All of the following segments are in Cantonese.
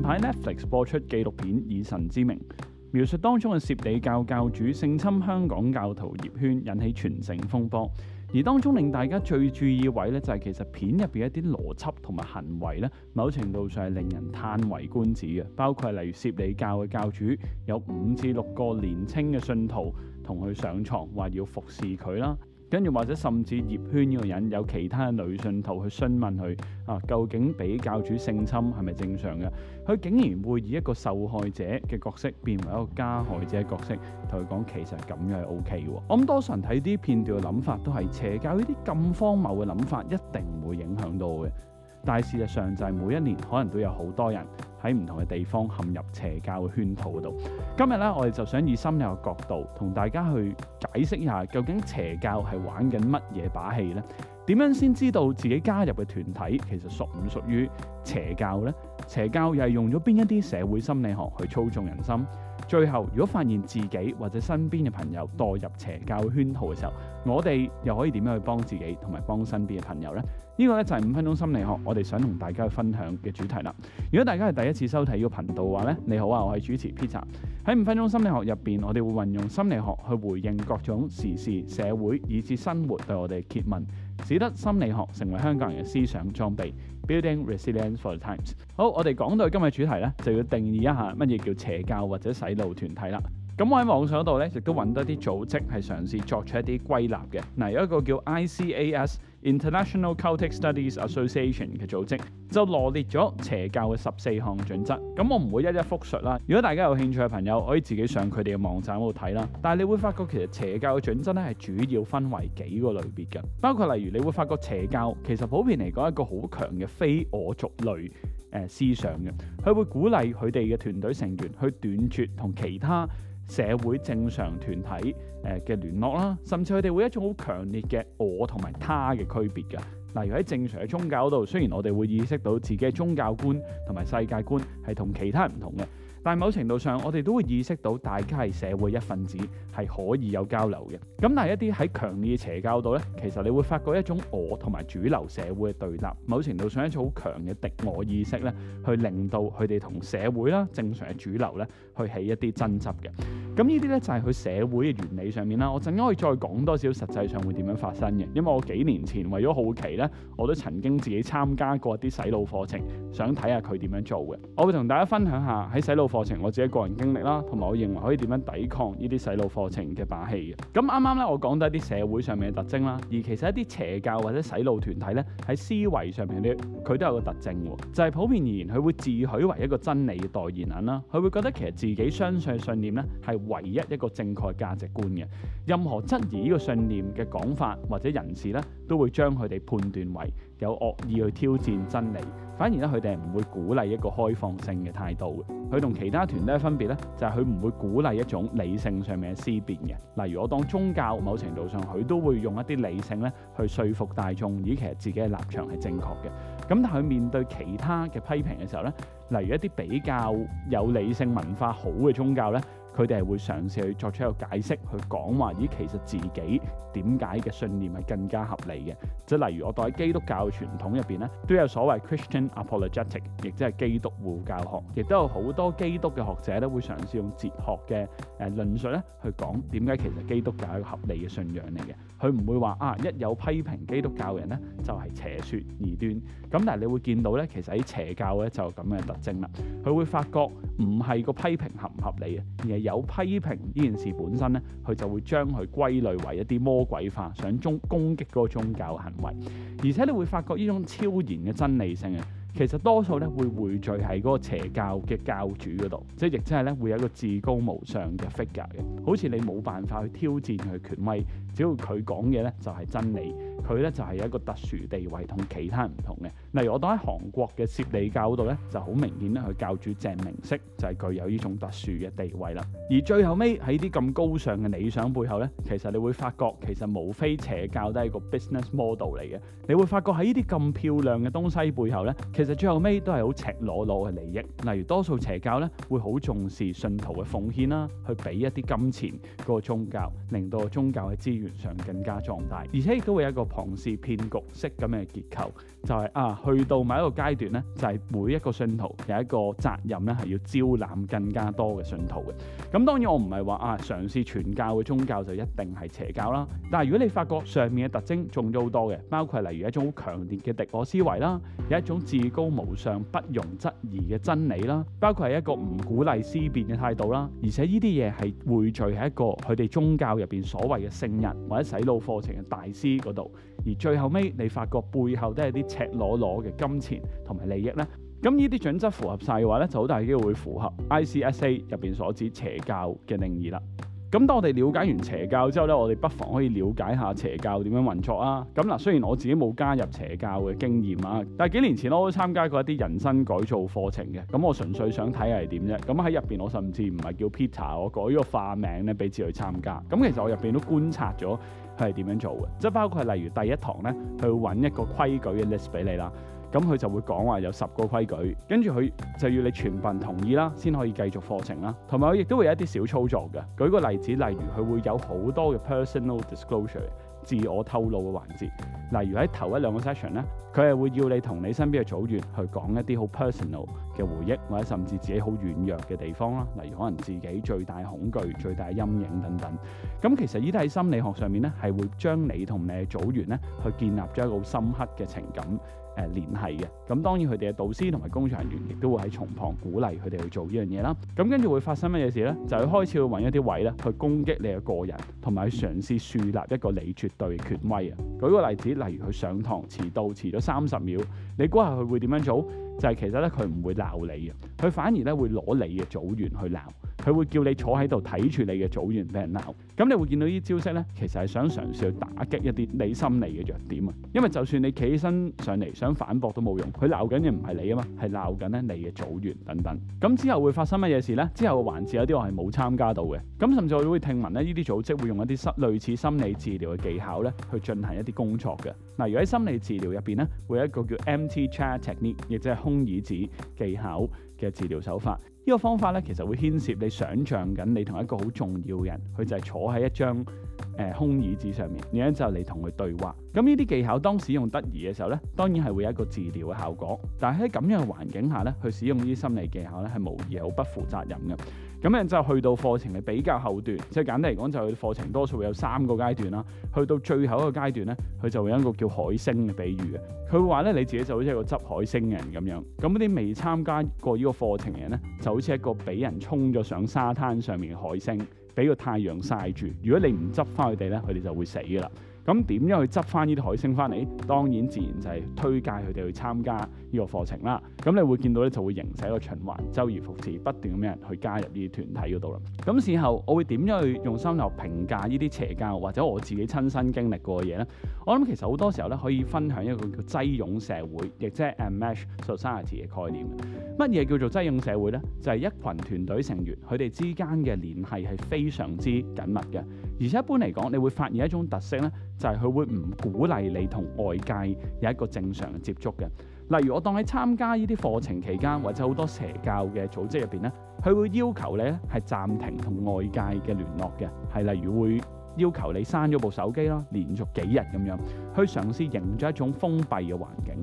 近排 Netflix 播出紀錄片《以神之名》，描述當中嘅攝理教教主性侵香港教徒葉萱，引起全城風波。而當中令大家最注意位咧，就係其實片入邊一啲邏輯同埋行為咧，某程度上係令人歎為觀止嘅。包括例如攝理教嘅教主有五至六個年青嘅信徒同佢上床話要服侍佢啦。跟住或者甚至葉萱呢個人有其他嘅女信徒去詢問佢啊，究竟俾教主性侵係咪正常嘅？佢竟然會以一個受害者嘅角色變為一個加害者嘅角色，同佢講其實咁樣係 O K 嘅。我諗多數人睇啲片段嘅諗法都係邪教呢啲咁荒謬嘅諗法一定唔會影響到嘅。但係事實上就係每一年可能都有好多人。喺唔同嘅地方陷入邪教嘅圈套度。今日咧，我哋就想以心理學角度，同大家去解釋一下，究竟邪教係玩緊乜嘢把戲呢？點樣先知道自己加入嘅團體其實屬唔屬於邪教呢？邪教又係用咗邊一啲社會心理學去操縱人心？最後，如果發現自己或者身邊嘅朋友墮入邪教圈套嘅時候，我哋又可以點樣去幫自己同埋幫身邊嘅朋友呢？呢、呢個呢，就係、係、五分鐘心理學，我哋想同大家去分享嘅主題啦。如果大家係第一次收睇呢個頻道嘅話呢，你好啊，我係主持 Peter。喺五分鐘心理學入邊，我哋會運用心理學去回應各種時事、社會以至生活對我哋嘅揭問。使得心理學成為香港人嘅思想裝備，Building Resilience for the Times。好，我哋講到今日主題咧，就要定義一下乜嘢叫邪教或者洗腦團體啦。咁我喺網上度咧，亦都揾到一啲組織係嘗試作出一啲歸納嘅。嗱，有一個叫 ICAS International Cultic Studies Association 嘅組織就羅列咗邪教嘅十四項準則，咁我唔會一一復述啦。如果大家有興趣嘅朋友，可以自己上佢哋嘅網站嗰度睇啦。但係你會發覺其實邪教嘅準則咧係主要分為幾個類別嘅，包括例如你會發覺邪教其實普遍嚟講係一個好強嘅非我族類誒思想嘅，佢會鼓勵佢哋嘅團隊成員去斷絕同其他社會正常團體誒嘅聯絡啦，甚至佢哋會一種好強烈嘅我同埋他嘅區別嘅。例如喺正常嘅宗教度，雖然我哋會意識到自己嘅宗教觀同埋世界觀係同其他人唔同嘅。但某程度上，我哋都會意識到，大家係社會一份子，係可以有交流嘅。咁但係一啲喺強烈嘅邪教度呢，其實你會發覺一種我同埋主流社會嘅對立，某程度上一種好強嘅敵我意識呢，去令到佢哋同社會啦、正常嘅主流呢，去起一啲爭執嘅。咁呢啲咧就係佢社會嘅原理上面啦。我陣間可以再講多少實際上會點樣發生嘅。因為我幾年前為咗好奇咧，我都曾經自己參加過啲洗腦課程，想睇下佢點樣做嘅。我會同大家分享下喺洗腦課程我自己個人經歷啦，同埋我認為可以點樣抵抗呢啲洗腦課程嘅把戲嘅。咁啱啱咧，我講到一啲社會上面嘅特徵啦，而其實一啲邪教或者洗腦團體咧喺思維上面咧，佢都有個特徵喎，就係普遍而言佢會自詡為一個真理嘅代言人啦。佢會覺得其實自己相信嘅信念咧係，唯一一個正確價值觀嘅，任何質疑呢個信念嘅講法或者人士呢，都會將佢哋判斷為有惡意去挑戰真理，反而咧佢哋係唔會鼓勵一個開放性嘅態度嘅。佢同其他團嘅分別呢，就係佢唔會鼓勵一種理性上面嘅思辨嘅。例如我當宗教某程度上，佢都會用一啲理性呢去説服大眾，以其實自己嘅立場係正確嘅。咁但係面對其他嘅批評嘅時候呢，例如一啲比較有理性文化好嘅宗教呢。佢哋係會嘗試去作出一個解釋，去講話咦，其實自己點解嘅信念係更加合理嘅？即例如我代喺基督教嘅傳統入邊咧，都有所謂 Christian Apologetic，亦即係基督護教學，亦都有好多基督嘅學者都會嘗試用哲學嘅誒論述咧去講點解其實基督教係個合理嘅信仰嚟嘅。佢唔會話啊，一有批評基督教人咧就係、是、邪説而端。咁但係你會見到咧，其實喺邪教咧就咁嘅特徵啦。佢會發覺唔係個批評合唔合理啊，有批評呢件事本身呢，佢就會將佢歸類為一啲魔鬼化、想中攻擊嗰個宗教行為，而且你會發覺呢種超然嘅真理性嘅。其實多數咧會匯聚喺嗰個邪教嘅教主嗰度，即係亦真係咧會有一個至高無上嘅 figure 嘅，好似你冇辦法去挑戰佢權威，只要佢講嘅咧就係真理，佢咧就係有一個特殊地位同其他唔同嘅。例如我當喺韓國嘅攝理教度咧，就好明顯咧，佢教主鄭明釋就係具有呢種特殊嘅地位啦。而最後尾喺啲咁高尚嘅理想背後咧，其實你會發覺其實無非邪教都係一個 business model 嚟嘅，你會發覺喺呢啲咁漂亮嘅東西背後咧。其實最後尾都係好赤裸裸嘅利益，例如多數邪教咧會好重視信徒嘅奉獻啦，去俾一啲金錢、個宗教，令到宗教嘅資源上更加壯大，而且亦都會有一個龐氏騙局式咁嘅結構，就係、是、啊去到某一個階段咧，就係、是、每一個信徒有一個責任咧，係要招攬更加多嘅信徒嘅。咁當然我唔係話啊嘗試傳教嘅宗教就一定係邪教啦，但係如果你發覺上面嘅特徵中咗好多嘅，包括例如一種好強烈嘅敵我思維啦，有一種自高無上、不容質疑嘅真理啦，包括係一個唔鼓勵思辨嘅態度啦，而且呢啲嘢係匯聚喺一個佢哋宗教入邊所謂嘅聖人或者洗腦課程嘅大師嗰度，而最後尾，你發覺背後都係啲赤裸裸嘅金錢同埋利益呢。咁呢啲準則符合晒嘅話呢，就好大機會會符合 ICSA 入邊所指邪教嘅定義啦。咁當我哋了解完邪教之後咧，我哋不妨可以了解下邪教點樣運作啊！咁嗱，雖然我自己冇加入邪教嘅經驗啊，但係幾年前我都參加過一啲人生改造課程嘅。咁我純粹想睇係點啫。咁喺入邊我甚至唔係叫 Peter，我改咗個化名咧俾自己去參加。咁其實我入邊都觀察咗佢係點樣做嘅，即係包括係例如第一堂咧，佢揾一個規矩嘅 list 俾你啦。咁佢就會講話有十個規矩，跟住佢就要你全部同意啦，先可以繼續課程啦。同埋佢亦都會有一啲小操作嘅。舉個例子，例如佢會有好多嘅 personal disclosure，自我透露嘅環節。例如喺頭一兩個 session 呢，佢係會要你同你身邊嘅組員去講一啲好 personal 嘅回憶，或者甚至自己好軟弱嘅地方啦，例如可能自己最大恐懼、最大陰影等等。咁其實依啲喺心理學上面咧，係會將你同你嘅組員咧去建立咗一個好深刻嘅情感誒聯繫嘅。咁當然佢哋嘅導師同埋工作人員亦都會喺從旁鼓勵佢哋去做呢樣嘢啦。咁跟住會發生乜嘢事咧？就開始會揾一啲位咧去攻擊你嘅個人，同埋去嘗試樹立一個你絕對權威啊。舉個例子，例如佢上堂遲到遲咗三十秒，你估下佢會點樣做？就係其實咧，佢唔會鬧你嘅，佢反而咧會攞你嘅組員去鬧。佢會叫你坐喺度，睇住你嘅組員俾人鬧，咁你會見到啲招式呢，其實係想嘗試去打擊一啲你心理嘅弱點啊。因為就算你企起身上嚟想反駁都冇用，佢鬧緊嘅唔係你啊嘛，係鬧緊咧你嘅組員等等。咁之後會發生乜嘢事呢？之後嘅環節有啲我係冇參加到嘅。咁甚至我會聽聞呢啲組織會用一啲心類似心理治療嘅技巧咧，去進行一啲工作嘅。嗱，如果喺心理治療入邊呢會有一個叫 empty chair technique，亦即係空椅子技巧嘅治療手法。呢個方法咧，其實會牽涉你想像緊，你同一個好重要嘅人，佢就係坐喺一張誒、呃、空椅子上面，然後就你同佢對話。咁呢啲技巧當使用得宜嘅時候咧，當然係會有一個治療嘅效果。但係喺咁樣嘅環境下咧，去使用呢啲心理技巧咧，係無疑係好不負責任嘅。咁樣就去到課程嘅比較後段，即係簡單嚟講就係課程多數有三個階段啦。去到最後一個階段咧，佢就會有一個叫海星嘅比喻，佢佢會話咧，你自己就好似一個執海星嘅人咁樣。咁啲未參加過個課呢個課程嘅人咧好似一個俾人沖咗上沙灘上面嘅海星，俾個太陽曬住。如果你唔執翻佢哋咧，佢哋就會死噶啦。咁點樣去執翻呢啲海星翻嚟？當然自然就係推介佢哋去參加呢個課程啦。咁你會見到咧，就會形成一個循環，周而復始，不斷咁樣去加入呢啲團體嗰度啦。咁事後我會點樣去用心理學評價呢啲邪教或者我自己親身經歷過嘅嘢呢？我諗其實好多時候咧可以分享一個叫擠擁社會，亦即係、就是、Enmeshed Society 嘅概念。乜嘢叫做擠擁社會呢？就係、是、一群團隊成員佢哋之間嘅聯繫係非常之緊密嘅。而且一般嚟講，你會發現一種特色咧，就係、是、佢會唔鼓勵你同外界有一個正常嘅接觸嘅。例如我當喺參加呢啲課程期間，或者好多邪教嘅組織入邊咧，佢會要求你咧係暫停同外界嘅聯絡嘅，係例如會要求你閂咗部手機啦，連續幾日咁樣去嘗試營造一種封閉嘅環境。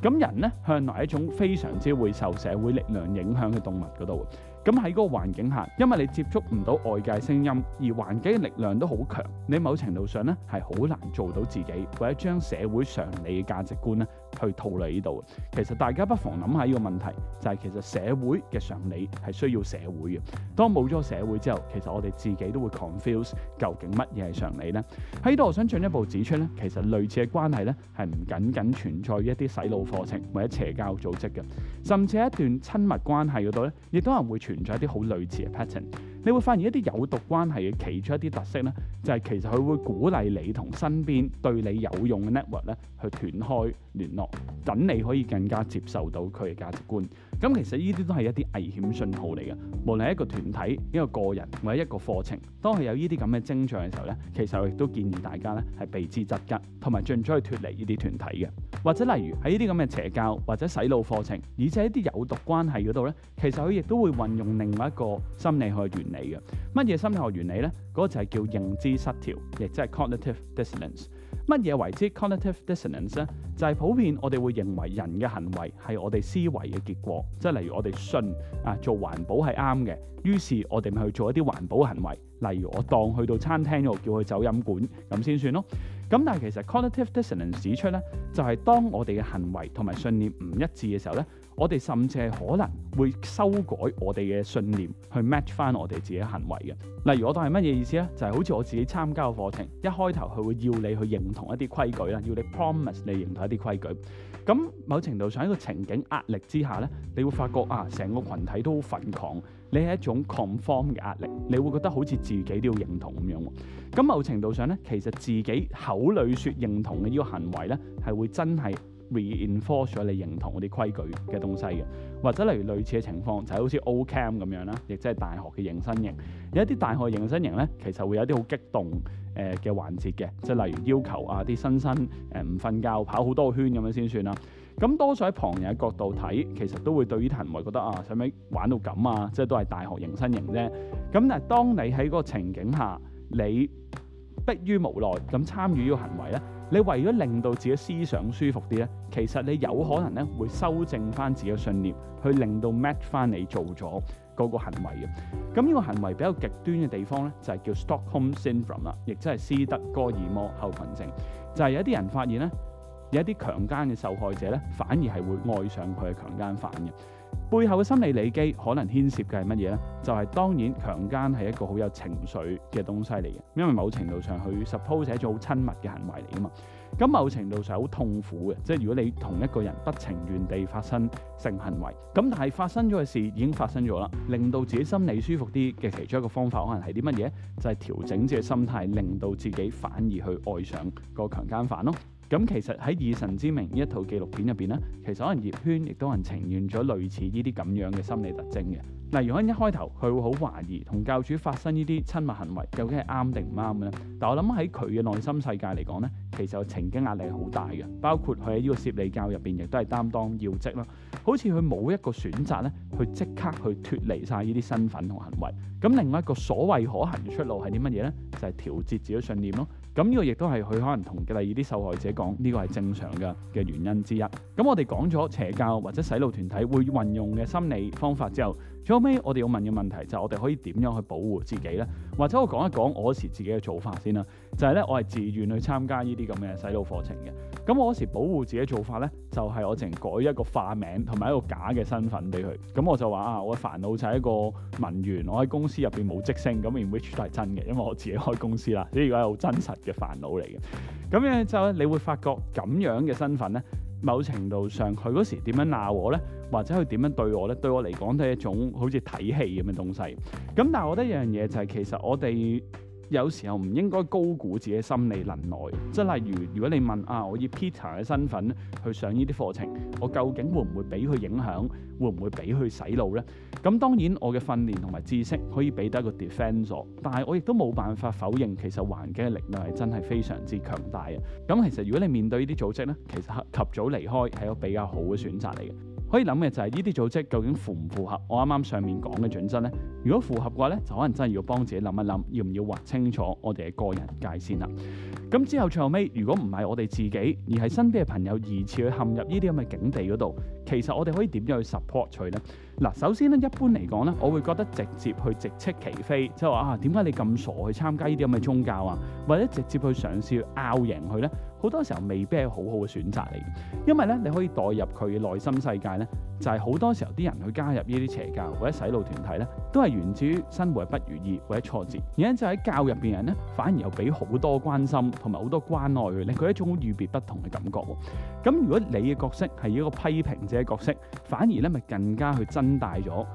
咁人呢，向來係一種非常之會受社會力量影響嘅動物嗰度。咁喺個環境下，因為你接觸唔到外界聲音，而環境嘅力量都好強，你某程度上咧係好難做到自己，或者將社會常理嘅價值觀咧去套嚟呢度。其實大家不妨諗下呢個問題，就係其實社會嘅常理係需要社會嘅。當冇咗社會之後，其實我哋自己都會 confuse 究竟乜嘢係常理呢。喺度我想進一步指出咧，其實類似嘅關係咧係唔僅僅存在於一啲洗腦課程或者邪教組織嘅，甚至一段親密關係嗰度咧，亦都有人會存在一啲好類似嘅 pattern。你會發現一啲有毒關係嘅其中一啲特色呢，就係、是、其實佢會鼓勵你同身邊對你有用嘅 network 咧去斷開聯絡，等你可以更加接受到佢嘅價值觀。咁、嗯、其實呢啲都係一啲危險信號嚟嘅。無論係一個團體、一個個人或者一個課程，當佢有呢啲咁嘅徵象嘅時候呢，其實我亦都建議大家呢係避之則吉，同埋盡早去脫離呢啲團體嘅。或者例如喺呢啲咁嘅邪教或者洗腦課程，而且一啲有毒關係嗰度呢，其實佢亦都會運用另外一個心理學嘅原理。嚟嘅，乜嘢心理學原理呢？嗰個就係叫認知失調，亦即係 cognitive dissonance。乜嘢為之 cognitive dissonance 呢？就係普遍我哋會認為人嘅行為係我哋思維嘅結果，即係例如我哋信啊做環保係啱嘅，於是我哋咪去做一啲環保行為，例如我當去到餐廳度叫佢走飲管咁先算咯。咁但係其實 cognitive dissonance 指出呢，就係當我哋嘅行為同埋信念唔一致嘅時候呢。我哋甚至係可能會修改我哋嘅信念，去 match 翻我哋自己行為嘅。例如我當係乜嘢意思咧？就係、是、好似我自己參加嘅課程，一開頭佢會要你去認同一啲規矩啦，要你 promise 你認同一啲規矩。咁某程度上一、這個情景壓力之下咧，你會發覺啊，成個群體都好瘋狂。你係一種 conform 嘅壓力，你會覺得好似自己都要認同咁樣。咁某程度上咧，其實自己口裏説認同嘅呢個行為咧，係會真係。reinforce 咗你認同嗰啲規矩嘅東西嘅，或者例如類似嘅情況，就係、是、好似 O Camp 咁樣啦，亦即係大學嘅迎新營。有一啲大學迎新營咧，其實會有啲好激動誒嘅、呃、環節嘅，即係例如要求啊啲新生誒唔瞓覺跑好多個圈咁樣先算啦。咁多數喺旁人嘅角度睇，其實都會對於行為覺得啊，使咪玩到咁啊？即係都係大學迎新營啫。咁但係當你喺嗰個情景下，你迫於無奈咁參與呢個行為咧？你為咗令到自己思想舒服啲咧，其實你有可能咧會修正翻自己信念，去令到 match 翻你做咗嗰個行為嘅。咁呢個行為比較極端嘅地方咧，就係叫 Stockholm Syndrome 啦，亦即係斯德哥爾摩候群症，就係有啲人發現咧。有一啲強奸嘅受害者咧，反而係會愛上佢嘅強奸犯嘅背後嘅心理理基，可能牽涉嘅係乜嘢呢？就係、是、當然強奸係一個好有情緒嘅東西嚟嘅，因為某程度上佢 suppose 係一種好親密嘅行為嚟噶嘛。咁某程度上好痛苦嘅，即係如果你同一個人不情願地發生性行為，咁但係發生咗嘅事已經發生咗啦，令到自己心理舒服啲嘅其中一個方法，可能係啲乜嘢？就係、是、調整自己嘅心態，令到自己反而去愛上個強奸犯咯。咁其實喺《以神之名》呢一套紀錄片入邊咧，其實可能葉萱亦都係呈現咗類似呢啲咁樣嘅心理特徵嘅。嗱，如果一開頭佢會好懷疑同教主發生呢啲親密行為究竟係啱定唔啱嘅咧，但我諗喺佢嘅內心世界嚟講咧，其實個情感壓力係好大嘅。包括佢喺呢個攝理教入邊亦都係擔當要職啦，好似佢冇一個選擇咧，去即刻去脫離晒呢啲身份同行為。咁另外一個所謂可行嘅出路係啲乜嘢咧？就係、是、調節自己信念咯。咁呢個亦都係佢可能同第二啲受害者講呢個係正常嘅嘅原因之一。咁我哋講咗邪教或者洗腦團體會運用嘅心理方法之後，最後尾我哋要問嘅問題就係我哋可以點樣去保護自己呢？或者我講一講我時自己嘅做法先啦。就係呢：我係自願去參加呢啲咁嘅洗腦課程嘅。咁我嗰時保護自己做法咧，就係我淨改一個化名同埋一個假嘅身份俾佢。咁我就話啊，我嘅煩惱就係一個文員，我喺公司入邊冇職升。咁 image 都係真嘅，因為我自己開公司啦，所以而家好真實嘅煩惱嚟嘅。咁咧就咧，你會發覺咁樣嘅身份咧，某程度上佢嗰時點樣鬧我咧，或者佢點樣對我咧，對我嚟講都係一種好似睇戲咁嘅東西。咁但係我覺得一樣嘢就係其實我哋。有時候唔應該高估自己心理能耐，即係例如，如果你問啊，我以 Peter 嘅身份去上呢啲課程，我究竟會唔會俾佢影響，會唔會俾佢洗腦呢？咁當然，我嘅訓練同埋知識可以俾得個 defense 咗，但係我亦都冇辦法否認，其實環境嘅力量係真係非常之強大嘅。咁其實如果你面對呢啲組織呢，其實及早離開係一個比較好嘅選擇嚟嘅。可以諗嘅就係呢啲組織究竟符唔符合我啱啱上面講嘅準則呢？如果符合嘅話呢，就可能真係要幫自己諗一諗，要唔要劃清楚我哋嘅個人界線啦。咁之後最後尾，如果唔係我哋自己，而係身邊嘅朋友疑似去陷入呢啲咁嘅境地嗰度，其實我哋可以點樣去 support 佢呢？嗱，首先咧，一般嚟講咧，我會覺得直接去直斥其非，即係話啊，點解你咁傻去參加呢啲咁嘅宗教啊？或者直接去嘗試去拗贏佢咧，好多時候未必係好好嘅選擇嚟。因為咧，你可以代入佢嘅內心世界咧，就係好多時候啲人去加入呢啲邪教或者洗腦團體咧，都係源自於生活係不如意或者挫折。而家就喺教入邊人咧，反而又俾好多關心同埋好多關愛佢，令佢一種好與別不同嘅感覺。咁如果你嘅角色係一個批評者嘅角色，反而咧咪更加去真。增大咗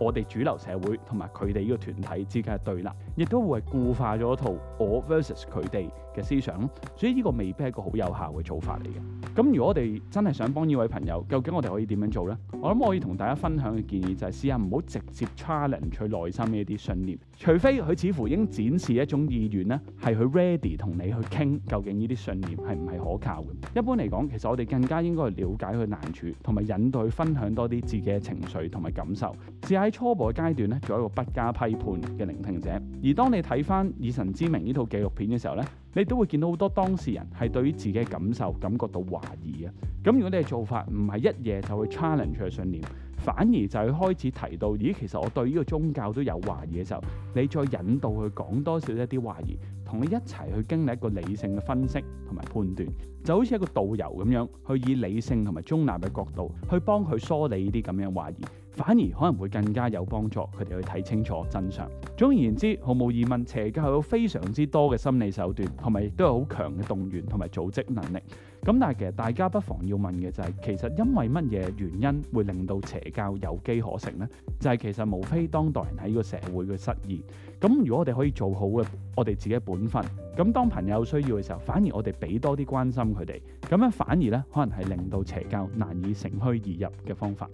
我哋主流社會同埋佢哋呢個團體之間嘅對立。亦都會係固化咗一套我 versus 佢哋嘅思想，所以呢個未必係一個好有效嘅做法嚟嘅。咁如果我哋真係想幫呢位朋友，究竟我哋可以點樣做呢？我諗可以同大家分享嘅建議就係試下唔好直接 challenge 佢內心嘅一啲信念，除非佢似乎已經展示一種意願，呢係佢 ready 同你去傾究竟呢啲信念係唔係可靠嘅。一般嚟講，其實我哋更加應該去了解佢難處，同埋引導佢分享多啲自己嘅情緒同埋感受，試下喺初步嘅階段咧做一個不加批判嘅聆聽者。而當你睇翻《以神之名》呢套紀錄片嘅時候呢你都會見到好多當事人係對於自己嘅感受感覺到懷疑嘅。咁如果你嘅做法唔係一夜就去 challenge 佢信念，反而就係開始提到咦，其實我對呢個宗教都有懷疑嘅時候，你再引導佢講多少一啲懷疑，同你一齊去經歷一個理性嘅分析同埋判斷，就好似一個導遊咁樣，去以理性同埋中立嘅角度去幫佢梳理呢啲咁樣懷疑。反而可能會更加有幫助，佢哋去睇清楚真相。總而言之，毫無疑問，邪教有非常之多嘅心理手段，同埋亦都有好強嘅動員同埋組織能力。咁但係其實大家不妨要問嘅就係其實因為乜嘢原因會令到邪教有機可乘呢？就係其實無非當代人喺呢個社會嘅失意。咁如果我哋可以做好嘅，我哋自己本分咁，當朋友需要嘅時候，反而我哋俾多啲關心佢哋，咁樣反而呢，可能係令到邪教難以乘虛而入嘅方法。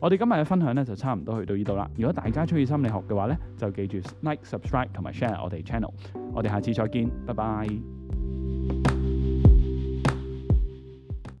我哋今日嘅分享咧就差唔多去到呢度啦。如果大家中意心理學嘅話咧，就記住 like、subscribe 同埋 share 我哋 channel。我哋下次再見，拜拜。